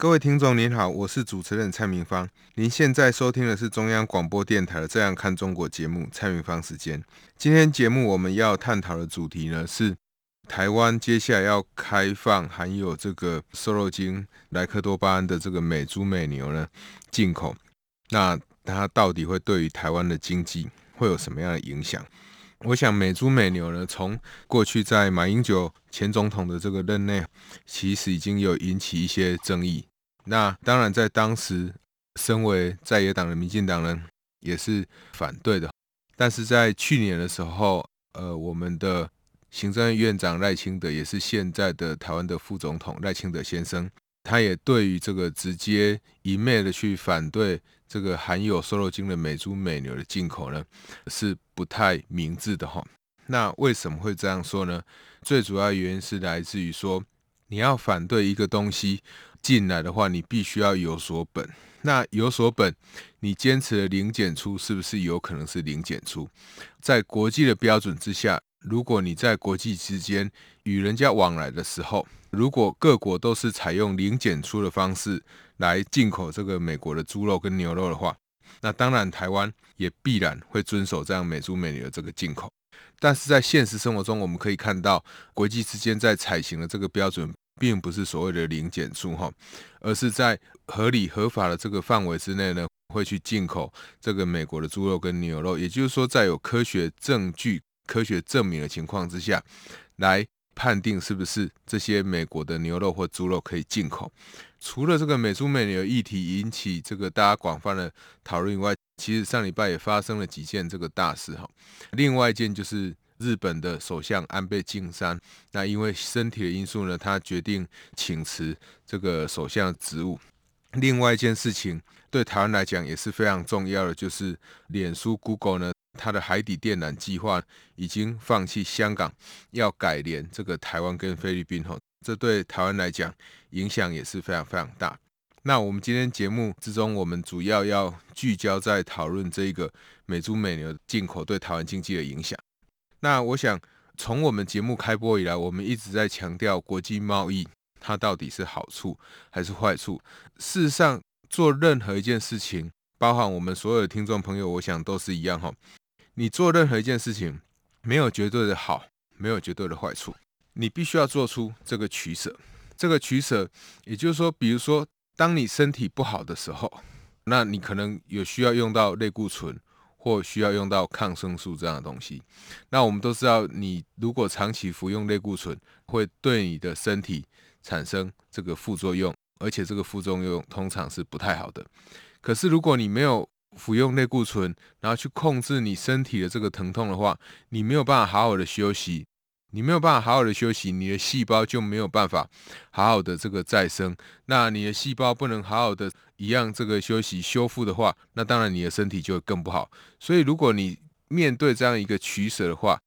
各位聽眾您好，我是主持人蔡明芳。您現在收聽的是中央廣播電台的《這樣看中國》節目，蔡明芳時間。今天節目我們要探討的主題呢，是台灣接下來要開放含有這個瘦肉精、萊克多巴胺的這個美豬美牛呢進口，那它到底會對於台灣的經濟會有什麼樣的影響？我想美豬美牛呢，從過去在馬英九前總統的這個任內，其實已經有引起一些爭議。那當然在當時，身為在野黨的民進黨人也是反對的。但是在去年的時候，呃，我們的行政院長賴清德，也是現在的台灣的副總統賴清德先生，他也對於這個直接一昧的去反對。這個含有瘦肉精的美豬美牛的進口呢，是不太明智的哈。那為什麼會這樣說呢？最主要原因是來自於說，你要反對一個東西進來的話，你必須要有所本。那有所本，你堅持的零檢出，是不是有可能是零檢出？在國際的標準之下，如果你在國際之間與人家往來的時候，如果各國都是採用零檢出的方式，來進口這個美國的豬肉跟牛肉的話，那當然台灣也必然會遵守這樣美豬美牛的這個進口。但是在現實生活中，我們可以看到，國際之間在採行的這個標準，並不是所謂的零檢出哈，而是在合理合法的這個範圍之內呢，會去進口這個美國的豬肉跟牛肉。也就是說，在有科學證據、科學證明的情況之下，來判定是不是這些美國的牛肉或豬肉可以進口？除了這個美豬美牛的議題引起這個大家廣泛的討論以外，其實上禮拜也發生了幾件這個大事哈。另外一件就是日本的首相安倍晉三，那因為身體的因素呢，他決定請辭這個首相的職務。另外一件事情對台灣來講也是非常重要的，就是臉書、Google 呢。它的海底電纜計劃已經放棄，香港要改連這個台灣跟菲律賓，哈，這對台灣來講影響也是非常非常大。那我們今天節目之中，我們主要要聚焦在討論這個美豬美牛進口對台灣經濟的影響。那我想，從我們節目開播以來，我們一直在強調國際貿易它到底是好處還是壞處。事實上，做任何一件事情，包含我們所有的聽眾朋友，我想都是一樣，哈。你做任何一件事情，沒有絕對的好，沒有絕對的壞處，你必須要做出這個取捨。這個取捨，也就是說，比如說，當你身體不好的時候，那你可能有需要用到類固醇或需要用到抗生素這樣的東西。那我們都知道，你如果長期服用類固醇，會對你的身體產生這個副作用，而且這個副作用通常是不太好的。可是如果你沒有，服用類固醇，然後去控制你身體的這個疼痛的話，你沒有辦法好好的休息，你沒有辦法好好的休息，你的細胞就沒有辦法好好的這個再生。那你的細胞不能好好的一樣這個休息修復的話，那當然你的身體就會更不好。所以如果你面對這樣一個取捨的話，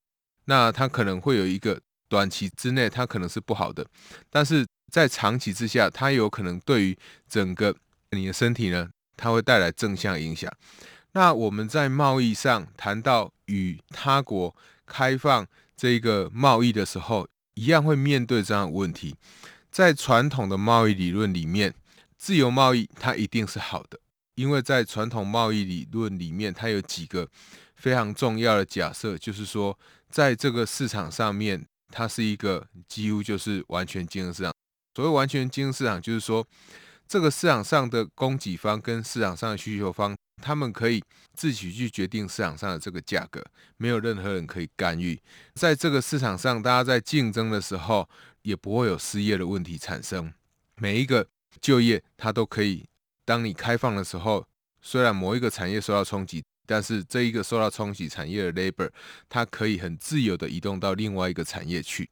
那它可能會有一個短期之內它可能是不好的，但是在長期之下，它有可能對於整個你的身體呢。它會帶來正向影響。那我們在貿易上談到與他國開放這個貿易的時候，一樣會面對這樣的問題。在傳統的貿易理論裡面，自由貿易它一定是好的，因為在傳統貿易理論裡面，它有幾個非常重要的假設，就是說在這個市場上面，它是一個幾乎就是完全金融市場。所謂完全金融市場，就是說。這個市場上的供給方跟市場上的需求方，他們可以自己去決定市場上的這個價格，沒有任何人可以干預。在這個市場上，大家在競爭的時候，也不會有失業的問題產生。每一個就業，它都可以，當你開放的時候，雖然某一個產業受到衝擊，但是這一個受到衝擊產業的 labor，它可以很自由地移動到另外一個產業去。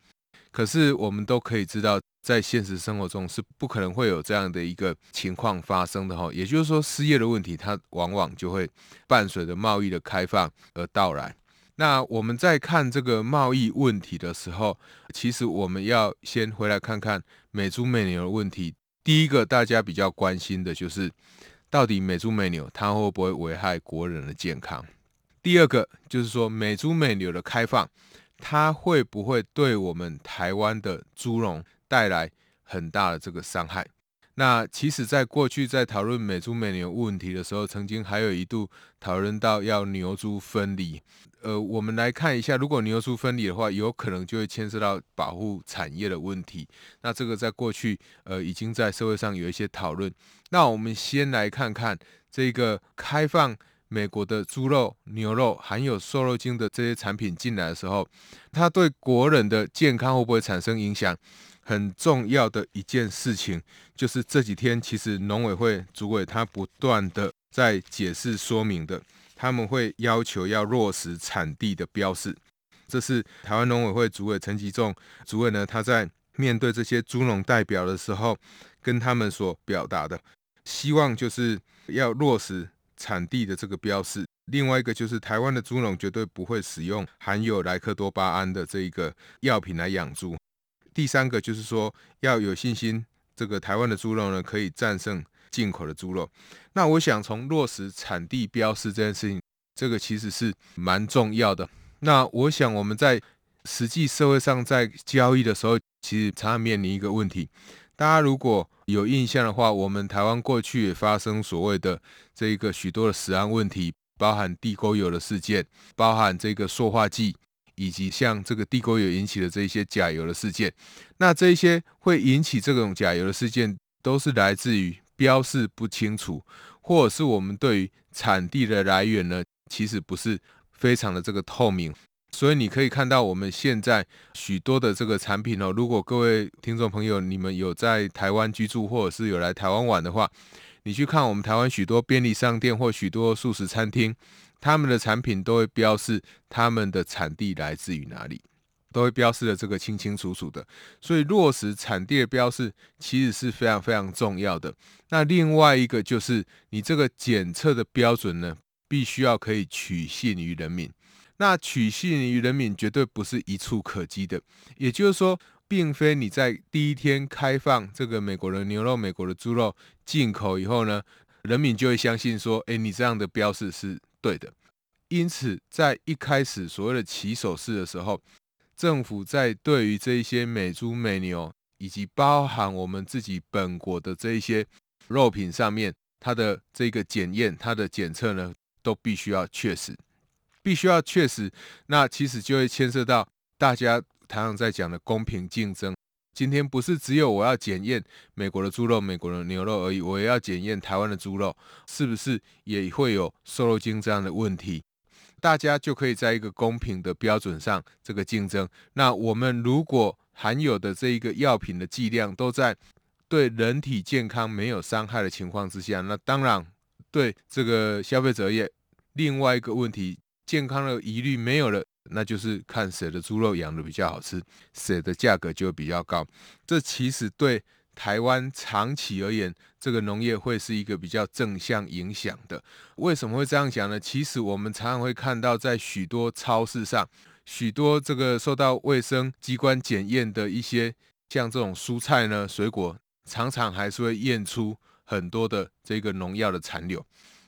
可是我們都可以知道。在現實生活中是不可能會有這樣的一個情況發生的哈、哦，也就是說，失業的問題，它往往就會伴隨着貿易的開放而到來。那我們在看這個貿易問題的時候，其實我們要先回來看看美豬美牛的問題。第一個大家比較關心的就是，到底美豬美牛它會不會危害國人的健康？第二個就是說美豬美牛的開放，它會不會對我們台灣的豬農？帶來很大的這個傷害。那其實，在過去在討論美豬美牛問題的時候，曾經還有一度討論到要牛豬分離。呃，我們來看一下，如果牛豬分離的話，有可能就會牽涉到保護產業的問題。那這個在過去，呃，已經在社會上有一些討論。那我們先來看看這個開放美國的豬肉、牛肉含有瘦肉精的這些產品進來的時候，它對國人的健康會不會產生影響？很重要的一件事情，就是這幾天其實農委會主委他不斷地在解釋說明的，他們會要求要落實產地的標示，這是台灣農委會主委陳吉仲主委呢，他在面對這些豬農代表的時候跟他們所表達的，希望就是要落實產地的這個標示，另外一個就是台灣的豬農絕對不會使用含有萊克多巴胺的這一個藥品來養豬。第三個就是說要有信心，這個台灣的豬肉呢可以戰勝進口的豬肉。那我想從落實產地標示這件事情，這個其實是蠻重要的。那我想我們在實際社會上在交易的時候，其實常常面臨一個問題。大家如果有印象的話，我們台灣過去也發生所謂的這個許多的食安問題，包含地溝油的事件，包含這個塑化劑。以及像這個地溝油引起的這些假油的事件，那這些會引起這種假油的事件，都是來自於標示不清楚，或者是我們對於產地的來源呢，其實不是非常的這個透明。所以你可以看到我們現在許多的這個產品哦，如果各位聽眾朋友你們有在台灣居住，或者是有來台灣玩的話，你去看我們台灣許多便利商店或許多素食餐廳。他們的產品都會標示他們的產地來自於哪裡，都會標示的這個清清楚楚的。所以落實產地的標示其實是非常非常重要的。那另外一個就是你這個檢測的標準呢，必須要可以取信於人民。那取信於人民絕對不是一蹴可幾的。也就是說，並非你在第一天開放這個美國的牛肉、美國的豬肉進口以後呢，人民就會相信說，誒，你這樣的標示是。對的，因此在一開始所謂的起手式的時候，政府在對於這一些美豬美牛以及包含我們自己本國的這一些肉品上面，它的這個檢驗、它的檢測呢，都必須要確實，必須要確實，那其實就會牽涉到大家台上在講的公平競爭。今天不是只有我要檢驗美國的豬肉、美國的牛肉而已，我也要檢驗台灣的豬肉是不是也會有瘦肉精這樣的問題。大家就可以在一個公平的標準上這個競爭。那我們如果含有的這一個藥品的劑量都在對人體健康沒有傷害的情況之下，那當然對這個消費者而言，另外一個問題健康的疑慮沒有了。那就是看誰的豬肉養得比較好吃，誰的價格就比較高。這其實對台灣長期而言，這個農業會是一個比較正向影響的。為什麼會這樣講呢？其實我們常常會看到，在許多超市上，許多這個受到衛生機關檢驗的一些像這種蔬菜呢、水果，常常還是會驗出很多的這個農藥的殘留。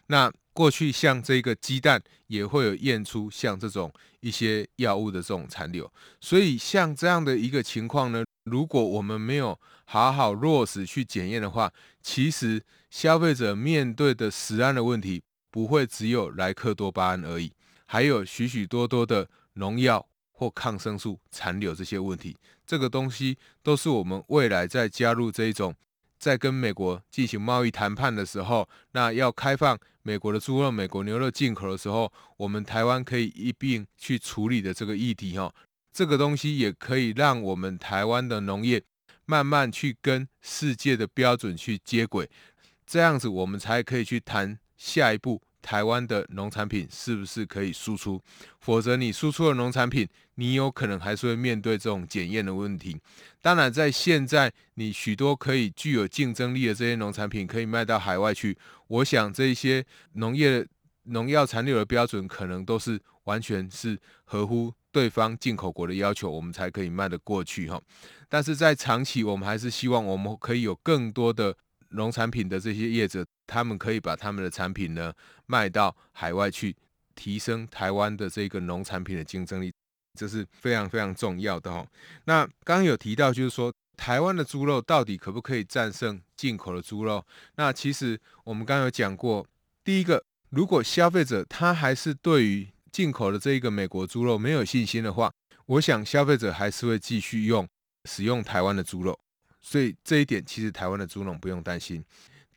那過去像這個雞蛋也會有驗出像這種一些藥物的這種殘留，所以像這樣的一個情況呢，如果我們沒有好好落實去檢驗的話，其實消費者面對的食安的問題不會只有萊克多巴胺而已，還有許許多多的農藥或抗生素殘留這些問題，這個東西都是我們未來在加入這一種，在跟美國進行貿易談判的時候，那要開放。美國的豬肉、美國牛肉進口的時候，我們台灣可以一併去處理的這個議題，哈，這個東西也可以讓我們台灣的農業慢慢去跟世界的標準去接軌，這樣子我們才可以去談下一步台灣的農產品是不是可以輸出，否則你輸出的農產品。你有可能還是會面對這種檢驗的問題。當然，在現在，你許多可以具有競爭力的這些農產品可以賣到海外去。我想，這些農業、農藥殘留的標準可能都是完全是合乎對方進口國的要求，我們才可以賣得過去哈。但是在長期，我們還是希望我們可以有更多的農產品的這些業者，他們可以把他們的產品呢賣到海外去，提升台灣的這個農產品的競爭力。這是非常非常重要的哦。那剛剛有提到，就是說台灣的豬肉到底可不可以戰勝進口的豬肉？那其實我們剛剛有講過，第一個，如果消費者他還是對於進口的這一個美國豬肉沒有信心的話，我想消費者還是會繼續用使用台灣的豬肉。所以這一點其實台灣的豬農不用擔心。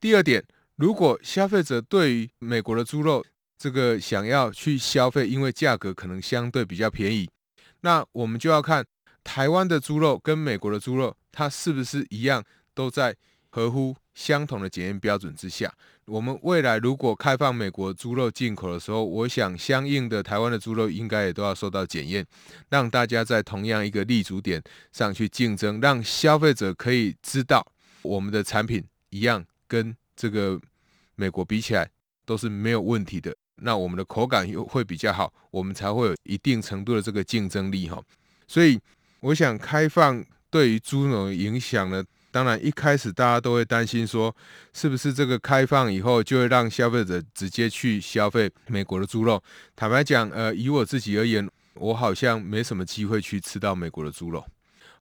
第二點，如果消費者對於美國的豬肉這個想要去消費，因為價格可能相對比較便宜。那我們就要看台灣的豬肉跟美國的豬肉，它是不是一樣，都在合乎相同的檢驗標準之下。我們未來如果開放美國豬肉進口的時候，我想相應的台灣的豬肉應該也都要受到檢驗，讓大家在同樣一個立足點上去競爭，讓消費者可以知道我們的產品一樣跟這個美國比起來都是沒有問題的。那我們的口感又會比較好，我們才會有一定程度的這個競爭力哈。所以我想開放對於豬肉影響呢，當然一開始大家都會擔心說，是不是這個開放以後就會讓消費者直接去消費美國的豬肉？坦白講，呃，以我自己而言，我好像沒什麼機會去吃到美國的豬肉。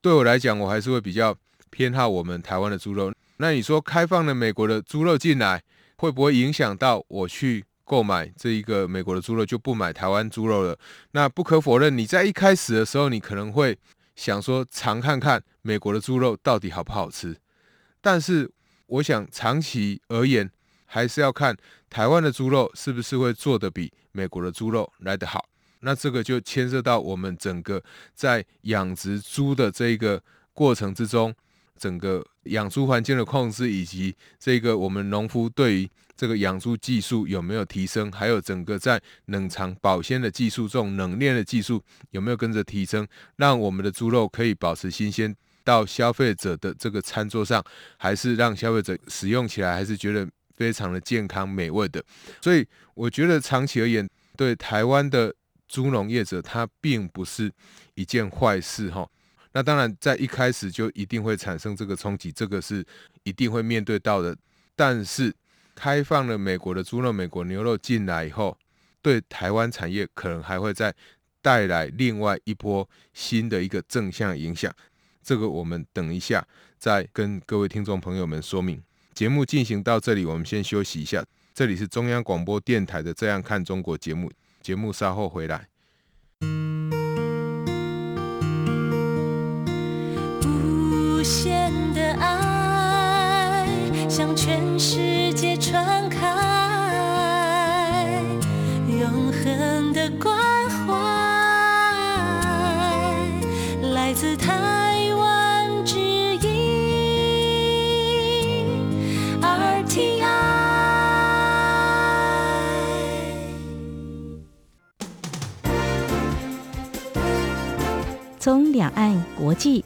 對我來講，我還是會比較偏好我們台灣的豬肉。那你說開放了美國的豬肉進來，會不會影響到我去購買這一個美國的豬肉，就不買台灣豬肉了。那不可否認，你在一開始的時候，你可能會想說嘗看看美國的豬肉到底好不好吃。但是，我想長期而言，還是要看台灣的豬肉是不是會做得比美國的豬肉來得好。那這個就牽涉到我們整個在養殖豬的這一個過程之中。整個養豬環境的控制，以及這個我們農夫對於這個養豬技術有沒有提升，還有整個在冷藏保鮮的技術、這種冷鏈的技術有沒有跟着提升，讓我們的豬肉可以保持新鮮到消費者的這個餐桌上，還是讓消費者使用起來還是覺得非常的健康美味的。所以我覺得長期而言，對台灣的豬農業者，它並不是一件壞事哈。那當然，在一開始就一定會產生這個衝擊，這個是一定會面對到的。但是，開放了美國的豬肉、美國牛肉進來以後，對台灣產業可能還會再帶來另外一波新的一個正向影響。這個我們等一下再跟各位聽眾朋友們說明。節目進行到這裡，我們先休息一下。這裡是中央廣播電台的《這樣看中國》節目，節目稍後回來。無限的愛向全世界傳開，永恆的關懷來自台灣之音 RTI。從兩岸國際。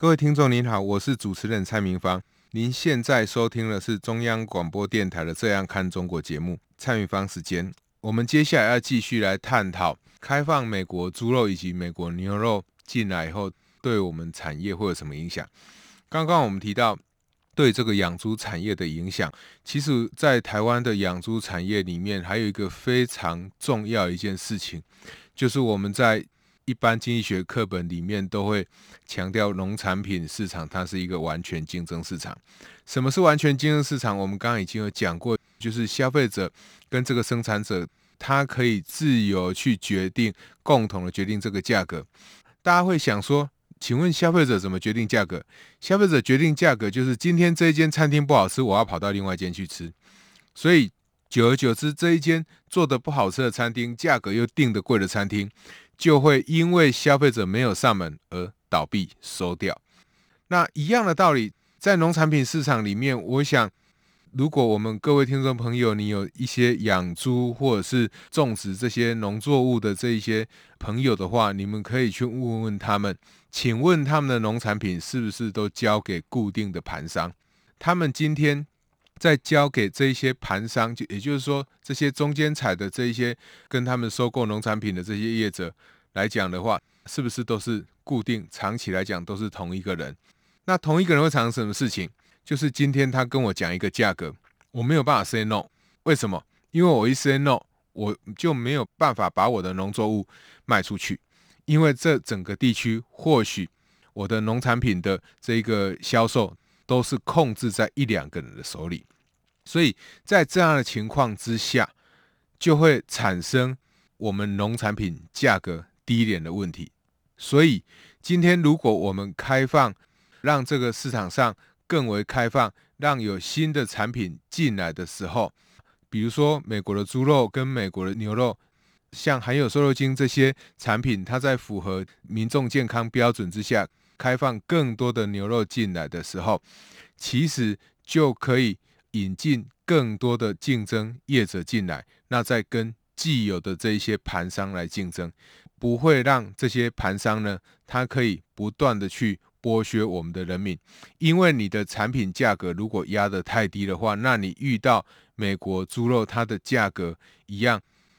各位聽眾您好，我是主持人蔡明芳。您現在收聽的是中央廣播電臺的《這樣看中國》節目，蔡明芳時間。我們接下來要繼續來探討開放美國豬肉以及美國牛肉進來以後，對我們產業會有什麼影響？剛剛我們提到對這個養豬產業的影響，其實在台灣的養豬產業裡面，還有一個非常重要一件事情，就是我們在一般經濟學課本裡面都會強調，農產品市場它是一個完全競爭市場。什麼是完全競爭市場？我們剛剛已經有講過，就是消費者跟這個生產者，他可以自由去決定，共同的決定這個價格。大家會想說，請問消費者怎麼決定價格？消費者決定價格就是今天這一間餐廳不好吃，我要跑到另外一間去吃。所以久而久之，這一間做得不好吃的餐廳，價格又定得貴的餐廳。就會因為消費者沒有上門而倒閉收掉。那一樣的道理，在農產品市場裡面，我想，如果我們各位聽眾朋友，你有一些養豬或者是種植這些農作物的這一些朋友的話，你們可以去問問他們，請問他們的農產品是不是都交給固定的盤商？他們今天。再交給這一些盤商，就也就是說，這些中間採的這一些跟他們收購農產品的這些業者來講的話，是不是都是固定長期來講都是同一個人？那同一個人會產生什麼事情？就是今天他跟我講一個價格，我沒有辦法 say no。為什麼？因為我一 say no，我就沒有辦法把我的農作物賣出去，因為這整個地區或許我的農產品的這個銷售。都是控制在一兩個人的手裡，所以在這樣的情況之下，就會產生我們農產品價格低廉的問題。所以今天如果我們開放，讓這個市場上更為開放，讓有新的產品進來的時候，比如說美國的豬肉跟美國的牛肉，像含有瘦肉精這些產品，它在符合民眾健康標準之下。開放更多的牛肉進來的時候，其實就可以引進更多的競爭業者進來，那再跟既有的這些盤商來競爭，不會讓這些盤商呢，它可以不斷的去剝削我們的人民，因為你的產品價格如果壓得太低的話，那你遇到美國豬肉它的價格一樣，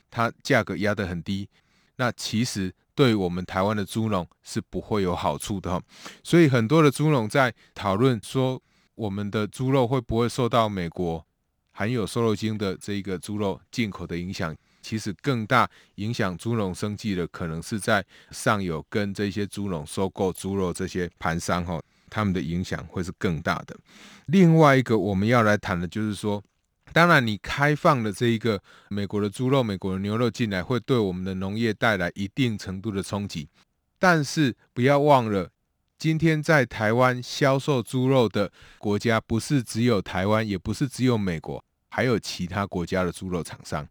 它價格壓得很低，那其實。對我們台灣的豬農是不會有好處的哈，所以很多的豬農在討論說，我們的豬肉會不會受到美國含有瘦肉精的這一個豬肉進口的影響？其實更大影響豬農生計的，可能是在上游跟這些豬農收購豬肉這些盤商哈，他們的影響會是更大的。另外一個我們要來談的就是說。當然，你開放了這一個美國的豬肉、美國的牛肉進來，會對我們的農業帶來一定程度的衝擊。但是，不要忘了，今天在台灣銷售豬肉的國家不是只有台灣，也不是只有美國，還有其他國家的豬肉廠商。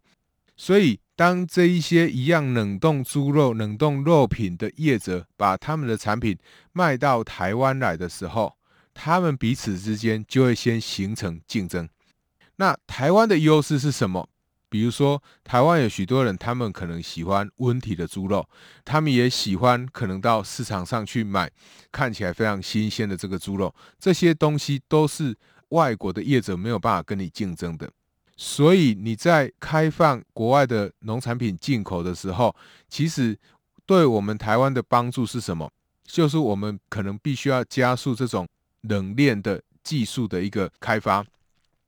所以，當這一些一樣冷凍豬肉、冷凍肉品的業者把他們的產品賣到台灣來的時候，他們彼此之間就會先形成競爭。那台灣的優勢是什麼？比如說，台灣有許多人，他們可能喜歡溫體的豬肉，他們也喜歡可能到市場上去買看起來非常新鮮的這個豬肉。這些東西都是外國的業者沒有辦法跟你競爭的。所以你在開放國外的農產品進口的時候，其實對我們台灣的幫助是什麼？就是我們可能必須要加速這種冷鏈的技術的一個開發。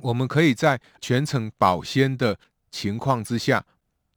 我們可以在全程保鮮的情況之下，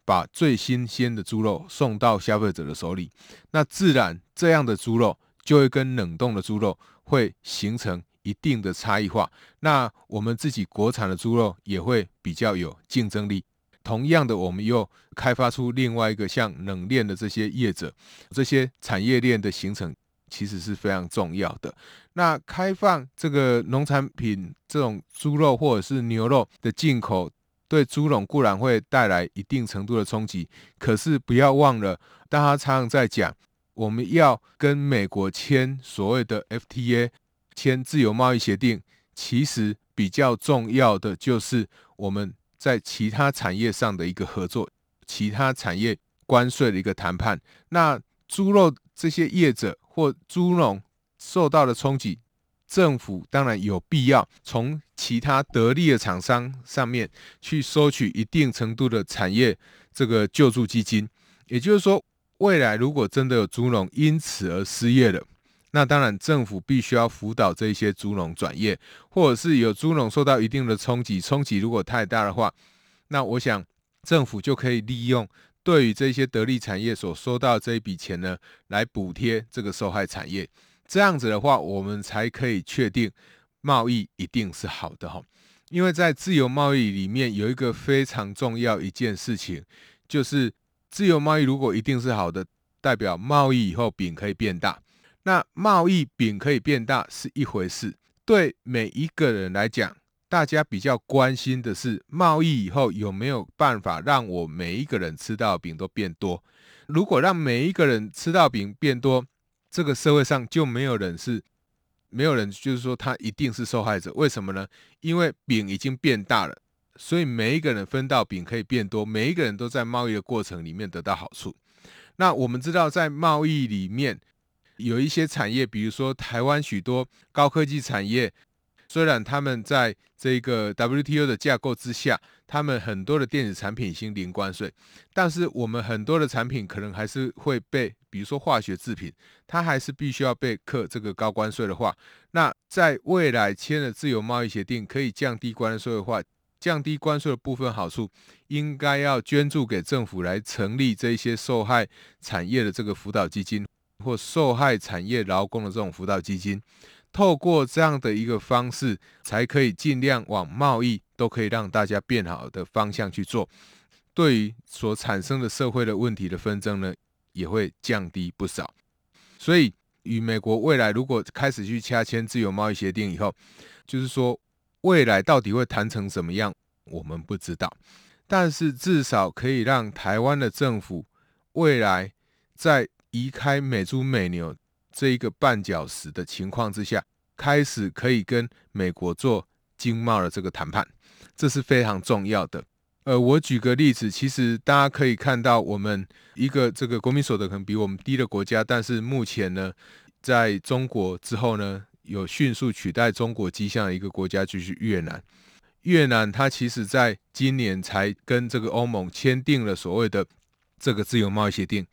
把最新鮮的豬肉送到消費者的手裡，那自然這樣的豬肉就會跟冷凍的豬肉會形成一定的差異化，那我們自己國產的豬肉也會比較有競爭力。同樣的，我們又開發出另外一個像冷鏈的這些業者，這些產業鏈的形成。其實是非常重要的。那開放這個農產品，這種豬肉或者是牛肉的進口，對豬農固然會帶來一定程度的衝擊。可是不要忘了，大家常常在講，我們要跟美國簽所謂的 FTA，簽自由貿易協定。其實比較重要的就是我們在其他產業上的一個合作，其他產業關稅的一個談判。那豬肉這些業者，或豬農受到的衝擊，政府當然有必要從其他得利的廠商上面去收取一定程度的產業這個救助基金。也就是說，未來如果真的有豬農因此而失業了，那當然政府必須要輔導這些豬農轉業，或者是有豬農受到一定的衝擊，衝擊如果太大的話，那我想政府就可以利用。對於這些得利產業所收到這一筆錢呢，來補貼這個受害產業，這樣子的話，我們才可以確定貿易一定是好的哈。因為在自由貿易裡面有一個非常重要一件事情，就是自由貿易如果一定是好的，代表貿易以後餅可以變大。那貿易餅可以變大是一回事，對每一個人來講，大家比較關心的是，貿易以後有沒有辦法讓我每一個人吃到餅都變多？如果讓每一個人吃到餅變多，這個社會上就沒有人是沒有人，就是說他一定是受害者。為什麼呢？因為餅已經變大了，所以每一個人分到餅可以變多，每一個人都在貿易的過程裡面得到好處。那我們知道，在貿易裡面有一些產業，比如說台灣許多高科技產業。雖然他們在這個 WTO 的架構之下，他們很多的電子產品已經零關稅，但是我們很多的產品可能還是會被，比如說化學製品，它還是必須要被課這個高關稅的話，那在未來簽了自由貿易協定，可以降低關稅的話，降低關稅的部分好處，應該要捐助給政府來成立這一些受害產業的這個輔導基金，或受害產業勞工的這種輔導基金。透過這樣的一個方式，才可以盡量往貿易都可以讓大家變好的方向去做，對於所產生的社會的問題的紛爭呢，也會降低不少。所以，與美國未來如果開始去洽簽自由貿易協定以後，就是說未來到底會談成什麼樣，我們不知道。但是至少可以讓台灣的政府未來在移開美豬美牛。這一個絆腳石的情況之下，開始可以跟美國做經貿的這個談判，這是非常重要的。呃，我舉個例子，其實大家可以看到，我們一個這個國民所得可能比我們低的國家，但是目前呢，在中國之後呢，有迅速取代中國跡象的一個國家，就是越南。越南它其實在今年才跟這個歐盟簽訂了所謂的這個自由貿易協定。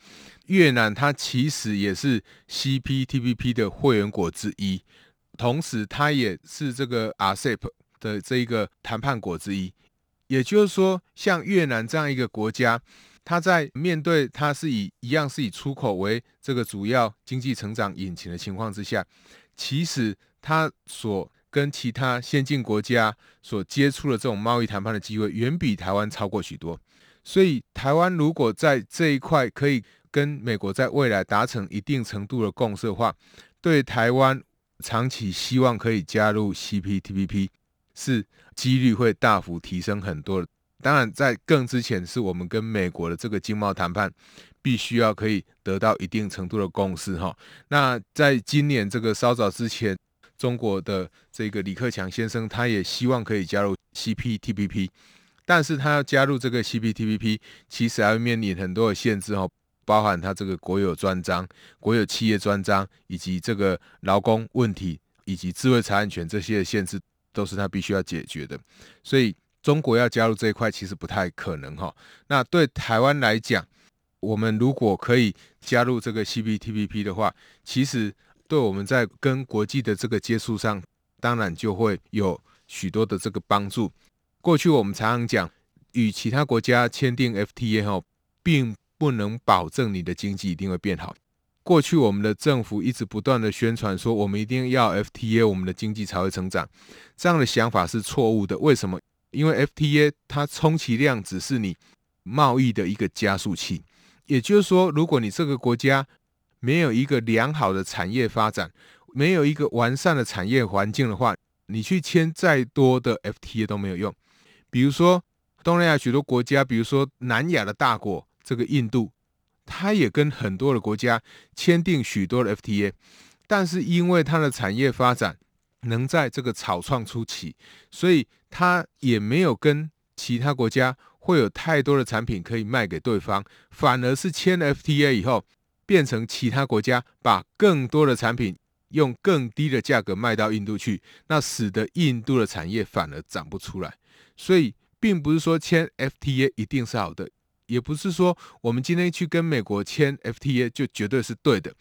越南它其實也是 CPTPP 的會員國之一，同時它也是這個 RCEP 的這一個談判國之一。也就是說，像越南這樣一個國家，它在面對它是以一樣是以出口為這個主要經濟成長引擎的情況之下，其實它所跟其他先進國家所接觸的這種貿易談判的機會，遠比台灣超過許多。所以，台灣如果在這一塊可以。跟美國在未來達成一定程度的共識的話，對台灣長期希望可以加入 C P T P P 是機率會大幅提升很多的。當然，在更之前，是我們跟美國的這個經貿談判必須要可以得到一定程度的共識哈。那在今年這個稍早之前，中國的這個李克強先生他也希望可以加入 C P T P P，但是他要加入這個 C P T P P，其實還會面臨很多的限制哈。包含他這個國有專章、國有企業專章，以及這個勞工問題，以及智慧財產權這些的限制，都是他必須要解決的。所以，中國要加入這一塊其實不太可能哈。那對台灣來講，我們如果可以加入這個 CPTPP 的話，其實對我們在跟國際的這個接觸上，當然就會有許多的這個幫助。過去我們常常講，與其他國家簽訂 FTA 後，並不能保證你的經濟一定會變好。過去我們的政府一直不斷的宣傳說，我們一定要 FTA，我們的經濟才會成長。這樣的想法是錯誤的。為什麼？因為 FTA 它充其量只是你貿易的一個加速器。也就是說，如果你這個國家沒有一個良好的產業發展，沒有一個完善的產業環境的話，你去簽再多的 FTA 都沒有用。比如說，東南亞許多國家，比如說南亞的大國。這個印度，它也跟很多的國家簽訂許多的 FTA，但是因為它的產業發展能在這個草創初期，所以它也沒有跟其他國家會有太多的產品可以賣給對方，反而是簽了 FTA 以後，變成其他國家把更多的產品用更低的價格賣到印度去，那使得印度的產業反而長不出來，所以並不是說簽 FTA 一定是好的。也不是說我們今天去跟美國簽 FTA 就絕對是對的，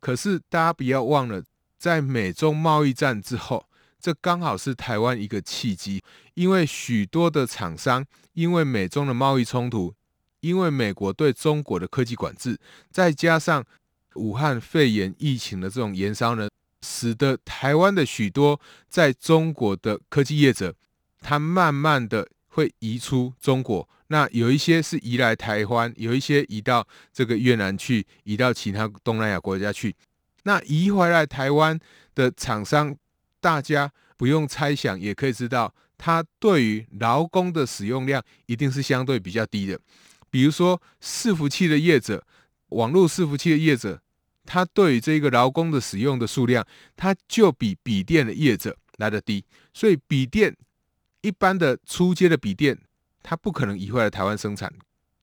可是大家不要忘了，在美中貿易戰之後，這剛好是台灣一個契機，因為許多的廠商因為美中的貿易衝突，因為美國對中國的科技管制，再加上武漢肺炎疫情的這種延燒呢，使得台灣的許多在中國的科技業者，他慢慢的會移出中國。那有一些是移來台灣，有一些移到這個越南去，移到其他東南亞國家去。那移回來台灣的廠商，大家不用猜想也可以知道，它對於勞工的使用量一定是相對比較低的。比如說伺服器的業者，網絡伺服器的業者，他對於這個勞工的使用的數量，他就比筆電的業者來得低。所以筆電一般的初階的筆電。它不可能移回來台灣生產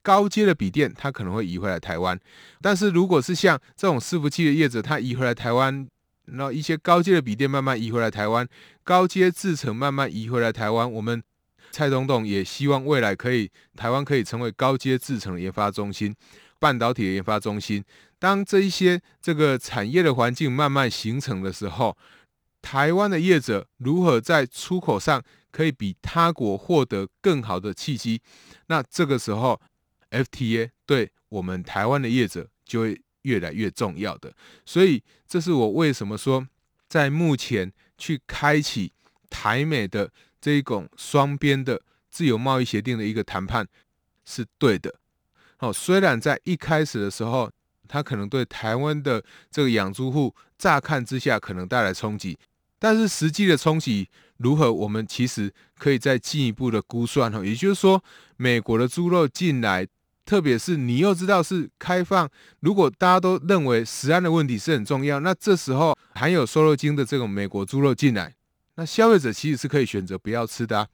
高階的筆電，它可能會移回來台灣。但是如果是像這種伺服器的業者，它移回來台灣，那一些高階的筆電慢慢移回來台灣，高階製程慢慢移回來台灣。我們蔡總統也希望未來可以台灣可以成為高階製程的研發中心、半導體的研發中心。當這一些這個產業的環境慢慢形成的時候，台灣的業者如何在出口上可以比他國獲得更好的契機，那這個時候 FTA 對我們台灣的業者就會越來越重要的，所以這是我為什麼說在目前去開啟台美的這一種雙邊的自由貿易協定的一個談判是對的。哦，雖然在一開始的時候，他可能對台灣的這個養豬戶乍看之下可能帶來衝擊，但是實際的衝擊。如何？我們其實可以再進一步的估算哦，也就是說，美國的豬肉進來，特別是你又知道是開放，如果大家都認為食安的問題是很重要，那這時候含有瘦肉精的這個美國豬肉進來，那消費者其實是可以選擇不要吃的啊。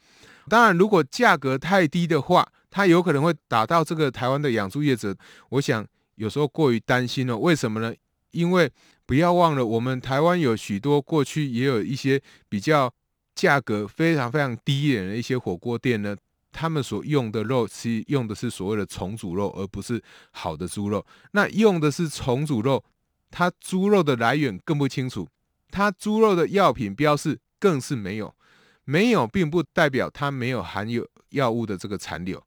當然，如果價格太低的話，它有可能會打到這個台灣的養豬業者。我想有時候過於擔心了，為什麼呢？因為不要忘了，我們台灣有許多過去也有一些比較。價格非常非常低廉的一些火鍋店呢，他們所用的肉是用的是所謂的重組肉，而不是好的豬肉。那用的是重組肉，它豬肉的來源更不清楚，它豬肉的藥品標示更是沒有。沒有並不代表它沒有含有藥物的這個殘留。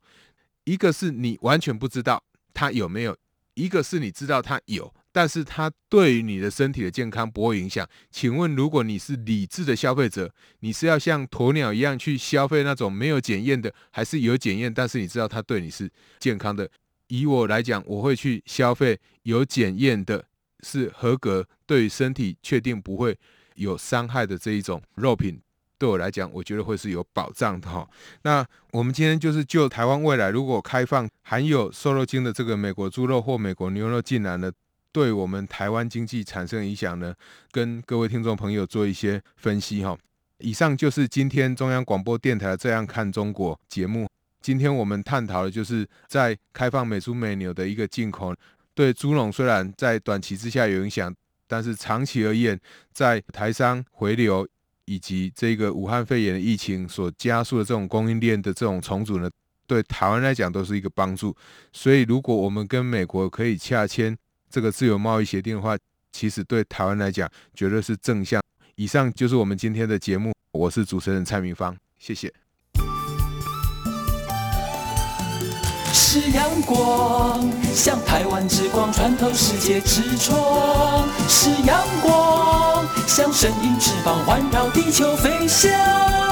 一個是你完全不知道它有沒有，一個是你知道它有。但是它對於你的身體的健康，不會影響。請問，如果你是理智的消費者，你是要像鴕鳥一樣去消費那種沒有檢驗的，還是有檢驗？但是你知道它對你是健康的。以我來講，我會去消費有檢驗的，是合格，對於身體確定不會有傷害的這一種肉品。對我來講，我覺得會是有保障的哈、哦。那我們今天就是就台灣未來如果開放含有瘦肉精的這個美國豬肉或美國牛肉進來呢，對我們台灣經濟產生影響呢？跟各位聽眾朋友做一些分析哈。以上就是今天中央廣播電台的《這樣看中國》節目。今天我們探討的就是在開放美豬美牛的一個進口，對豬農雖然在短期之下有影響，但是長期而言，在台商回流以及這個武漢肺炎的疫情所加速的這種供應鏈的這種重組呢，對台灣來講都是一個幫助。所以，如果我們跟美國可以洽簽，這個自由貿易協定的話，其實對台灣來講，絕對是正向。以上就是我們今天的節目，我是主持人蔡明芳，謝謝。是陽光，像台灣之光穿透世界之窗；是陽光，像神鷹翅膀環繞地球飛翔。